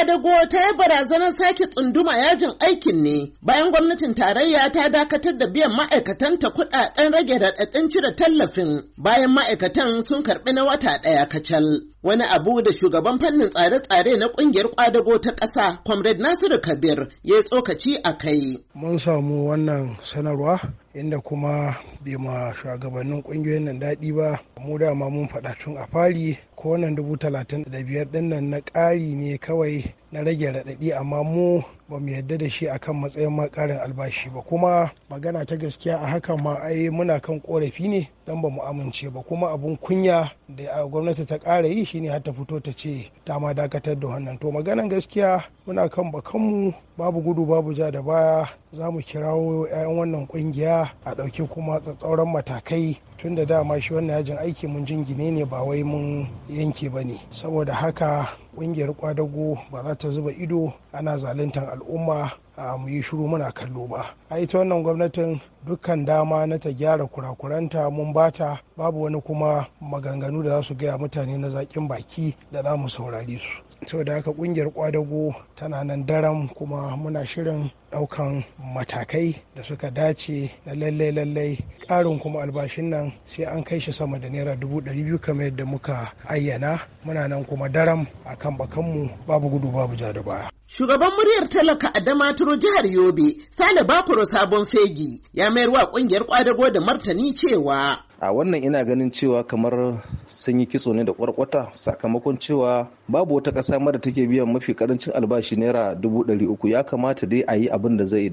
adago ta yi barazanar sake tsunduma yajin aikin ne bayan gwamnatin tarayya ta dakatar da biyan ma'aikatanta kuɗaɗen rage raɗaɗin cire tallafin bayan ma'aikatan sun karɓi na wata ɗaya kacal. Wani abu da shugaban fannin tsare-tsare na ƙungiyar kwadago ta ƙasa, Comrade Nasiru Kabir, ya yi tsokaci a kai. Mun samu wannan sanarwa inda kuma bai ma shugabannin ƙungiyoyin nan daɗi ba, mu dama mun faɗa tun a fari ko nan dubu talatin da biyar ɗin nan na ƙari ne kawai na rage raɗaɗi amma mu ba mu yadda da shi akan matsayin makarin albashi ba kuma magana ta gaskiya a hakan ma ai muna kan korafi ne don ba mu amince ba kuma abun kunya da gwamnati ta ƙara yi shine har ta fito ta ce ta ma dakatar da wannan to maganan gaskiya muna kan bakanmu babu gudu babu ja da baya za mu kirawo 'ya'yan wannan kungiya a ɗauki kuma tsatsauran matakai tun da dama shi wannan yajin aiki mun jingine ne ba wai mun yanke ba ne saboda haka ƙungiyar kwadago ba za ta zuba ido ana zaluntar al'umma mu yi shiru muna kallo ba a ita wannan gwamnatin dukkan dama na ta gyara kurakuranta mun bata babu wani kuma maganganu da za su gaya mutane na zaƙin baki da za mu saurari su saboda haka ƙungiyar kwadago tana nan daram kuma muna shirin ɗaukan matakai da suka dace na lallai lallai ƙarin kuma albashin nan sai an kai shi sama da naira dubu ɗari biyu kamar yadda muka ayyana muna nan kuma daram a kan bakanmu babu gudu babu ja da baya Shugaban muryar talaka a Damaturu jihar Yobe, Sale bakuru Sabon Fegi, ya mayar wa ƙungiyar ƙwadago da martani cewa a wannan ina ganin cewa kamar sun yi kitso ne da kwarkwata sakamakon cewa babu wata ƙasa mara take biyan mafi karancin albashi naira dubu ɗari uku ya kamata dai a yi abin da zai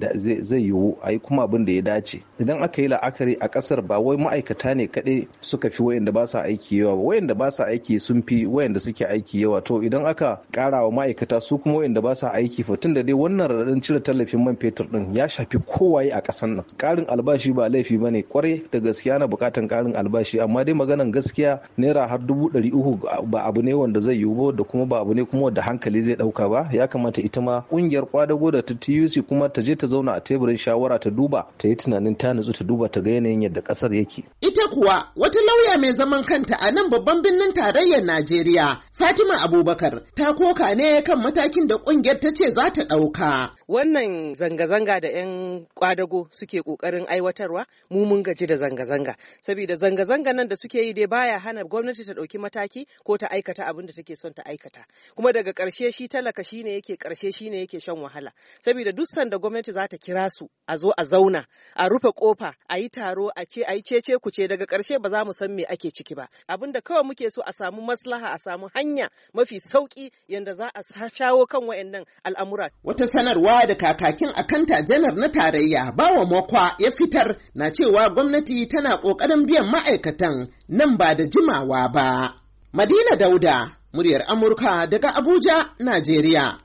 yiwu a yi kuma abin da ya dace idan aka yi la'akari a kasar ba wai ma'aikata ne kaɗai suka fi wayanda ba sa aiki yawa ba wayanda ba sa aiki sun fi wayanda suke aiki yawa to idan aka ƙara wa ma'aikata su kuma wayanda ba sa aiki fa tunda dai wannan raɗaɗin cire tallafin man fetur ɗin ya shafi kowaye a ƙasar nan ƙarin albashi ba laifi ba ne kwarai da gaskiya na buƙatan karin albashi amma dai maganan gaskiya naira har dubu ɗari uku ba abu ne wanda zai yiwu ba da kuma ba abu ne kuma wanda hankali zai ɗauka ba ya kamata ita ma ƙungiyar kwadago da ta tuc kuma ta je ta zauna a teburin shawara ta duba ta yi tunanin ta nutsu ta duba ta ga yanayin yadda ƙasar yake. ita kuwa wata lauya mai zaman kanta a nan babban birnin tarayyar najeriya Fatima Abubakar ta koka ne kan matakin da kungiyar ta ce za ta ɗauka. Wannan zanga-zanga da 'yan kwadago suke ƙoƙarin aiwatarwa mu mun gaji da zanga-zanga. Saboda zanga-zanga nan da suke yi dai baya hana gwamnati ta ɗauki mataki ko ta aikata abin da take son ta aikata. Kuma daga ƙarshe shi talaka shi ne yake ƙarshe shi ne yake shan wahala. Saboda duk sanda gwamnati za ta kira su a zo a zauna a rufe ƙofa a yi taro a ce a yi cece kuce daga ƙarshe ba za mu san me ake ciki ba. Abin da kawai muke so a samu maslaha a samu hanya hanya mafi sauki yadda za a shawo kan wayannan al'amura. Wata sanarwa da kakakin akanta janar na tarayya bawa mokwa ya fitar na cewa gwamnati tana ƙoƙarin biyan ma'aikatan nan ba da jimawa ba. Madina Dauda, muryar Amurka daga Abuja, Najeriya.